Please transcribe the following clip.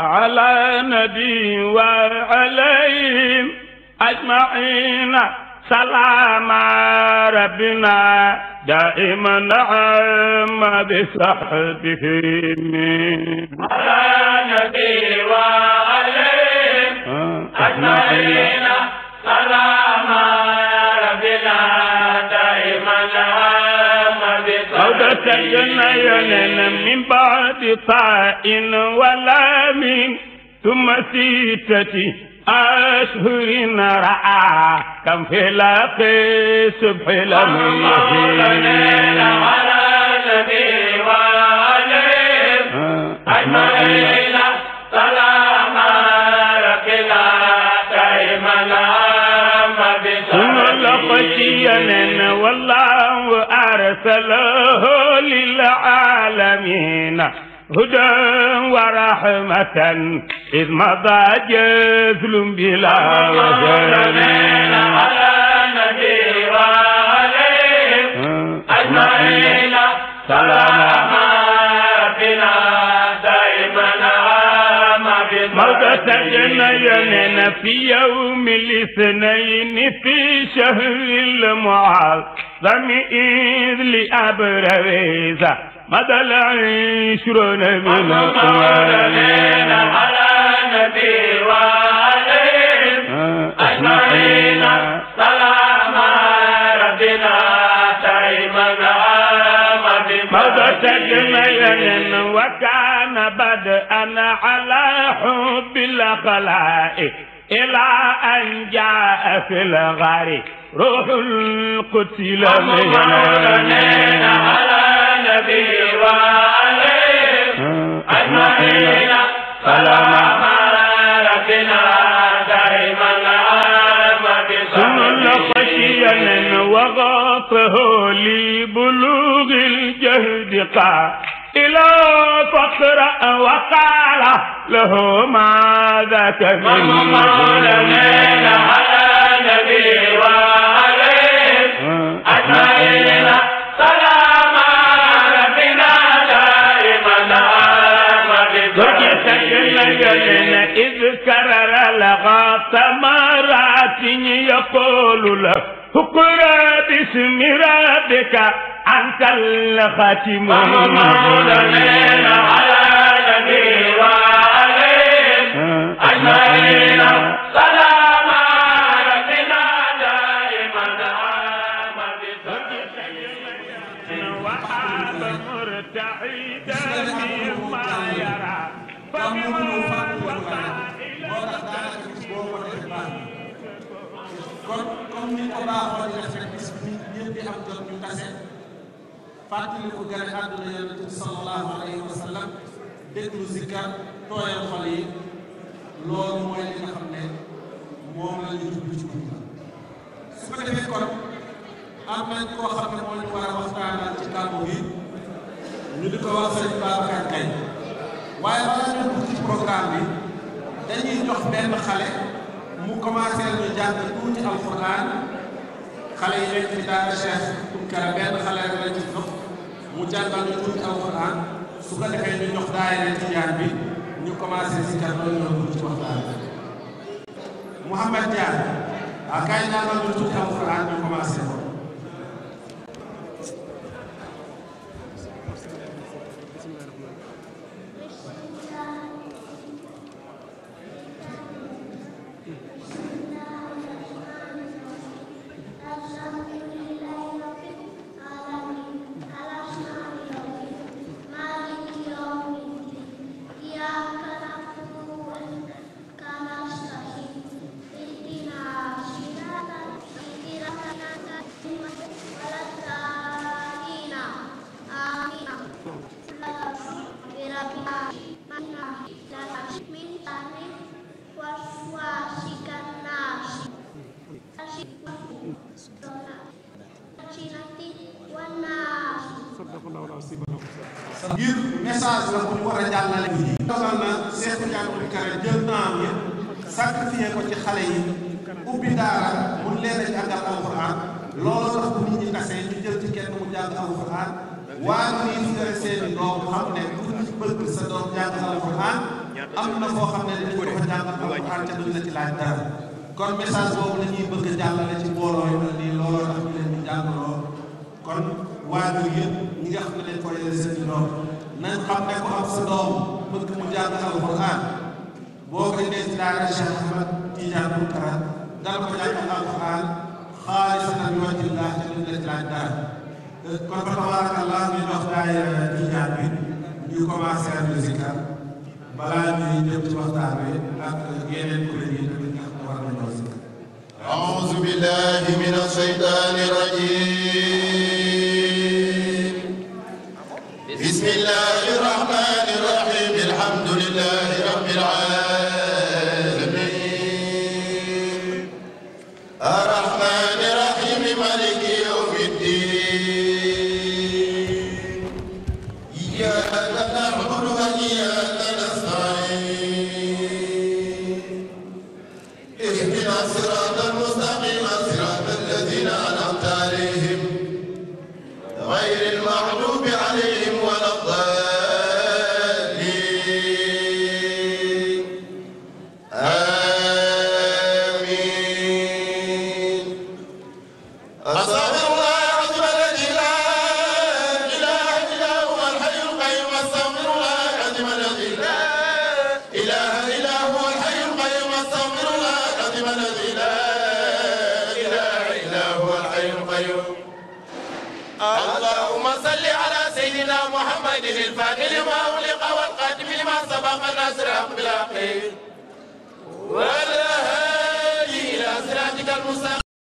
على نبي وعليهم أجمعين سلام ربنا دائما نعم بصحبه على نبي وعليهم أجمعين سلام وتين من بعد طائن ولا من ثم ستة أشهر رعى كم في لاقي سبح لم أجمعين سلام ركلا دائما لما بسم الله والله أرسله للعالمين هدى ورحمة إذ مضى جزل بلا وزل على النبي عليهم أجمعين سلام بنا دائما مرضى سجن في يوم الاثنين في شهر المعاد ضمير لأبرويزة مدى العشرون من القوار لنا على النبي وعليهم آه، أجمعين سلام ربنا دائما مدى تجميل وكان بدءا على حب الخلائق إلى أن جاء في الغار روح القدس لم ينام على نبي وعليه أجمعين فلما ربنا دائما عامة ثم خشيا وغطه لبلوغ الجهد قال إلى فقر وقال له ما ذاك من مولانا على النبي وعليه أجمعين آه. سلام ربنا دائما ذكر الجنة إذ كرر ثمرات يقول له اقرأ باسم ربك أنت الخاتم مولانا على kon ni ko baaxoo di def rek bis bi ñëpp di am jot ñu tase fàttaliku gane àdduna yonent bi sallallahu alayhi wa sallam déglu zikkar tooyal xol yi loolu mooy li xam ne moom la ñu jublu ci guddi su ko kon am koo xam ne moo ñu war a ci kàddu gi ñu di ko wax sëñ Babacar Gaye waaye balaa ñu dugg ci programme bi dañuy jox benn xale mu commencé ñu jàng tuuti alquran xale yi nekk ci daara Cheikh Tunkara benn xale rek la ci jox mu jàngal ñu tuuti alquran su ko defee ñu jox daayira Tijaan bi ñu commencé si kat loolu ñu dugg ci waxtaan bi Mouhamed Diagne ah kaay jàngal ñu tuuti ngir message la bu ñu war a jàllale yi dogal na Cheikh Tidiane Ould jël naam ya sacrifié ci xale yi ubbi daara mu leen a jàngal alquran loolu tax bu nit ñi tasee ñu jël ci kenn mu jàng alquran waa nii seeni doom xam ne pour ñu bëgg sa doom jàngal alquran am na koo xam ne dañ ko fa jàngal alquran te duñ la ci laaj dara kon message boobu la ñuy bëgg a jàllale ci mbooloo yi nii looloo tax ñu leen ñu jàngaloo kon waajur yëpp ñi nga xam ne dañ koy yore seen doom nañ xam ne doom bëgg mu jàng alxuraan boo ko indee ci daara Cheikh Ahmad Tidiane Moutara dal ko jàng alxuraan xaalis na wajillah te ñu la jàng daal euh, kon fa tabarakallah ñu dox daayira Tidiane bi ñu commencé ak musique balaa ñuy jëm ci waxtaan bi ak yeneen kuréel yi اللهم صل على سيدنا محمد الفاتح لما أغلق والقادم لما سبق الناصر بالعقيل والهادي إلى صراطك المستقبل